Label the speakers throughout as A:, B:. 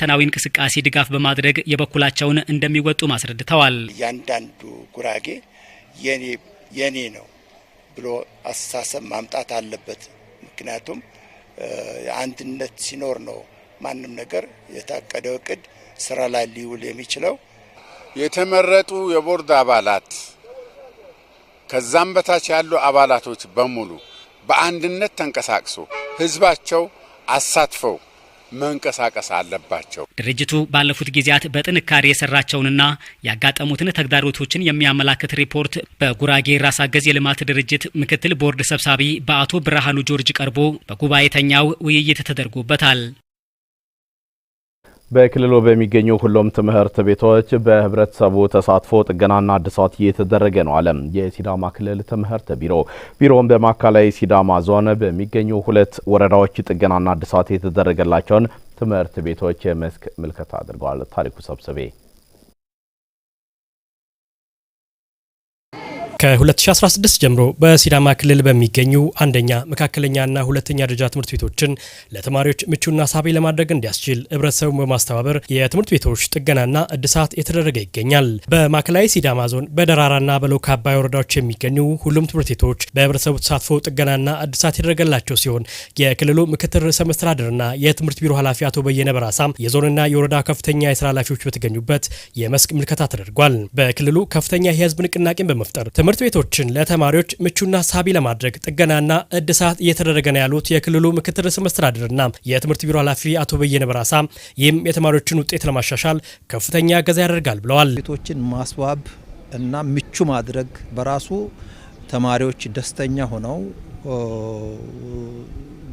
A: ተናዊ እንቅስቃሴ ድጋፍ በማድረግ የበኩላቸውን እንደሚወጡ አስረድተዋል።
B: እያንዳንዱ ጉራጌ የኔ ነው ብሎ አስተሳሰብ ማምጣት አለበት። ምክንያቱም አንድነት ሲኖር ነው ማንም ነገር የታቀደው እቅድ ስራ ላይ ሊውል የሚችለው።
C: የተመረጡ የቦርድ አባላት ከዛም በታች ያሉ አባላቶች በሙሉ በአንድነት ተንቀሳቅሶ ህዝባቸው አሳትፈው መንቀሳቀስ አለባቸው።
A: ድርጅቱ ባለፉት ጊዜያት በጥንካሬ የሰራቸውንና ያጋጠሙትን ተግዳሮቶችን የሚያመላክት ሪፖርት በጉራጌ ራስ አገዝ የልማት ድርጅት ምክትል ቦርድ ሰብሳቢ በአቶ ብርሃኑ ጆርጅ ቀርቦ በጉባኤተኛው ውይይት ተደርጎበታል።
D: በክልሉ በሚገኙ ሁሉም ትምህርት ቤቶች በህብረተሰቡ ተሳትፎ ጥገናና እድሳት እየተደረገ ነው አለ የሲዳማ ክልል ትምህርት ቢሮ። ቢሮውን በማዕከላዊ ሲዳማ ዞን በሚገኙ ሁለት ወረዳዎች ጥገናና እድሳት የተደረገላቸውን ትምህርት ቤቶች የመስክ ምልከታ አድርገዋል። ታሪኩ ሰብስቤ
A: ከ2016 ጀምሮ በሲዳማ ክልል በሚገኙ አንደኛ መካከለኛና ሁለተኛ ደረጃ ትምህርት ቤቶችን ለተማሪዎች ምቹና ሳቢ ለማድረግ እንዲያስችል ህብረተሰቡን በማስተባበር የትምህርት ቤቶች ጥገናና እድሳት የተደረገ ይገኛል። በማዕከላዊ ሲዳማ ዞን በደራራና በሎካ አባይ ወረዳዎች የሚገኙ ሁሉም ትምህርት ቤቶች በህብረተሰቡ ተሳትፎ ጥገናና እድሳት የተደረገላቸው ሲሆን የክልሉ ምክትል ርዕሰ መስተዳድርና የትምህርት ቢሮ ኃላፊ አቶ በየነ በራሳ የዞንና የወረዳ ከፍተኛ የስራ ኃላፊዎች በተገኙበት የመስክ ምልከታ ተደርጓል። በክልሉ ከፍተኛ የህዝብ ንቅናቄን በመፍጠር ትምህርት ትምህርት ቤቶችን ለተማሪዎች ምቹና ሳቢ ለማድረግ ጥገናና እድሳት እየተደረገ ነው ያሉት የክልሉ ምክትል ርዕሰ መስተዳድርና የትምህርት ቢሮ ኃላፊ አቶ በየነ በራሳ ይህም የተማሪዎችን ውጤት ለማሻሻል ከፍተኛ እገዛ ያደርጋል ብለዋል።
E: ቤቶችን ማስዋብ እና ምቹ ማድረግ በራሱ ተማሪዎች ደስተኛ ሆነው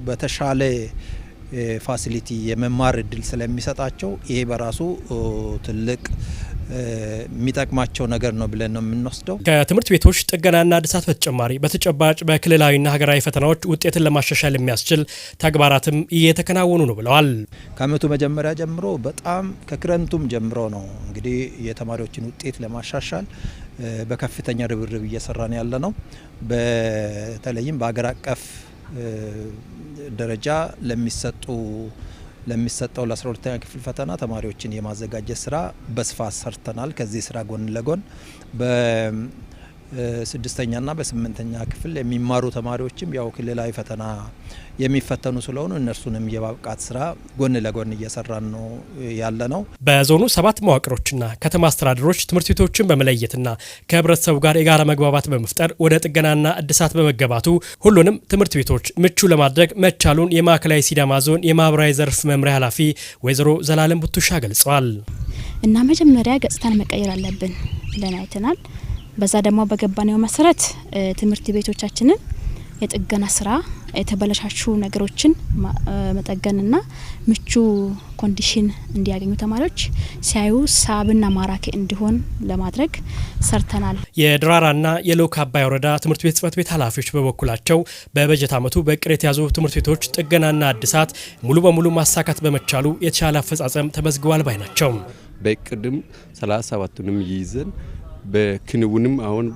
E: በተሻለ ፋሲሊቲ የመማር እድል ስለሚሰጣቸው ይሄ በራሱ ትልቅ የሚጠቅማቸው ነገር ነው ብለን ነው የምንወስደው።
A: ከትምህርት ቤቶች ጥገናና እድሳት በተጨማሪ በተጨባጭ በክልላዊና ሀገራዊ ፈተናዎች ውጤትን ለማሻሻል የሚያስችል ተግባራትም እየተከናወኑ ነው ብለዋል።
E: ከአመቱ መጀመሪያ ጀምሮ በጣም ከክረምቱም ጀምሮ ነው እንግዲህ የተማሪዎችን ውጤት ለማሻሻል በከፍተኛ ርብርብ እየሰራን ያለ ነው። በተለይም በሀገር አቀፍ ደረጃ ለሚሰጡ ለሚሰጠው ለ12ኛ ክፍል ፈተና ተማሪዎችን የማዘጋጀት ስራ በስፋት ሰርተናል። ከዚህ ስራ ጎን ለጎን ስድስተኛና በስምንተኛ ክፍል የሚማሩ ተማሪዎችም ያው ክልላዊ ፈተና የሚፈተኑ ስለሆኑ እነርሱንም የማብቃት ስራ ጎን ለጎን እየሰራን ነው ያለ ነው።
A: በዞኑ ሰባት መዋቅሮችና ከተማ አስተዳደሮች ትምህርት ቤቶችን በመለየትና ከህብረተሰቡ ጋር የጋራ መግባባት በመፍጠር ወደ ጥገናና እድሳት በመገባቱ ሁሉንም ትምህርት ቤቶች ምቹ ለማድረግ መቻሉን የማዕከላዊ ሲዳማ ዞን የማህበራዊ ዘርፍ መምሪያ ኃላፊ ወይዘሮ ዘላለም ቡቱሻ ገልጸዋል።
F: እና መጀመሪያ ገጽታን መቀየር አለብን ብለን አይተናል። በዛ ደግሞ በገባነው መሰረት ትምህርት ቤቶቻችንን የጥገና ስራ የተበለሻሹ ነገሮችን መጠገንና ምቹ ኮንዲሽን እንዲያገኙ ተማሪዎች ሲያዩ ሳብና ማራኪ እንዲሆን ለማድረግ ሰርተናል።
A: የድራራና የሎክ አባይ ወረዳ ትምህርት ቤት ጽሕፈት ቤት ኃላፊዎች በበኩላቸው በበጀት ዓመቱ በእቅድ የተያዙ ትምህርት ቤቶች ጥገናና አድሳት ሙሉ በሙሉ ማሳካት በመቻሉ የተሻለ አፈጻጸም ተመዝግቧል ባይ ናቸው።
G: በእቅድም 37ቱንም ይይዘን በክንውንም አሁን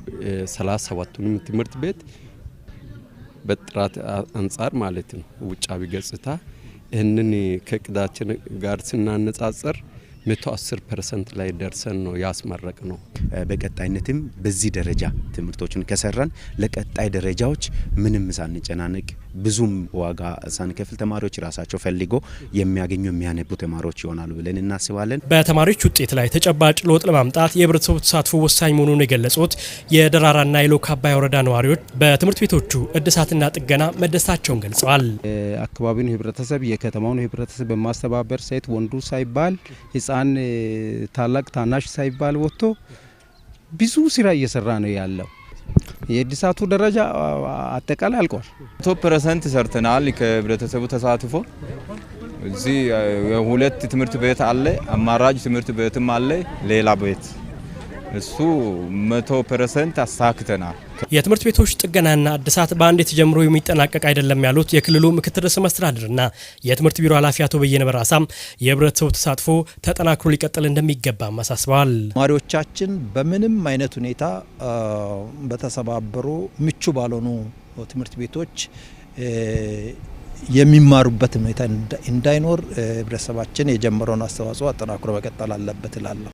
G: ሰላሳ ሰባቱንም ትምህርት ቤት በጥራት አንጻር ማለት ነው ውጫዊ ገጽታ ይህንን ከቅዳችን ጋር መቶ አስር ፐርሰንት ላይ ደርሰን ነው ያስመረቅ ነው።
H: በቀጣይነትም በዚህ ደረጃ ትምህርቶችን ከሰራን ለቀጣይ ደረጃዎች ምንም ሳንጨናነቅ ብዙም ዋጋ ሳንከፍል ተማሪዎች ራሳቸው ፈልጎ የሚያገኙ የሚያነቡ ተማሪዎች ይሆናሉ ብለን እናስባለን።
A: በተማሪዎች ውጤት ላይ ተጨባጭ ለውጥ ለማምጣት የህብረተሰቡ ተሳትፎ ወሳኝ መሆኑን የገለጹት የደራራና የሎካ አባይ ወረዳ ነዋሪዎች በትምህርት ቤቶቹ እድሳትና ጥገና መደሰታቸውን ገልጸዋል።
E: አካባቢውን ህብረተሰብ የከተማውን ህብረተሰብ በማስተባበር ሴት ወንዱ ሳይባል ህፃን ታላቅ ታናሽ ሳይባል ወጥቶ ብዙ ስራ እየሰራ ነው ያለው የእድሳቱ ደረጃ አጠቃላይ አልቋል።
G: መቶ ፐርሰንት ሰርተናል። ከህብረተሰቡ ተሳትፎ እዚህ ሁለት ትምህርት ቤት አለ፣ አማራጭ ትምህርት ቤትም አለ፣ ሌላ ቤት እሱ መቶ ፐርሰንት አሳክተናል።
A: የትምህርት ቤቶች ጥገናና እድሳት በአንድ የተጀምሮ የሚጠናቀቅ አይደለም ያሉት የክልሉ ምክትል ርዕሰ መስተዳድርና የትምህርት ቢሮ ኃላፊ አቶ በየነ በራሳም የህብረተሰቡ ተሳትፎ ተጠናክሮ ሊቀጥል እንደሚገባም አሳስበዋል።
E: ተማሪዎቻችን በምንም አይነት ሁኔታ በተሰባበሩ ምቹ ባልሆኑ ትምህርት ቤቶች የሚማሩበት ሁኔታ እንዳይኖር ህብረተሰባችን የጀመረውን አስተዋጽኦ አጠናክሮ መቀጠል አለበት እላለሁ።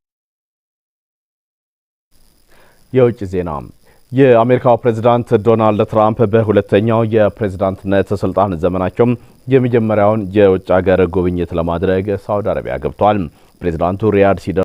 D: የውጭ ዜና የአሜሪካው ፕሬዚዳንት ዶናልድ ትራምፕ በሁለተኛው የፕሬዚዳንትነት ስልጣን ዘመናቸው የመጀመሪያውን የውጭ ሀገር ጉብኝት ለማድረግ ሳውዲ አረቢያ ገብተዋል። ፕሬዚዳንቱ ሪያድ ሲደ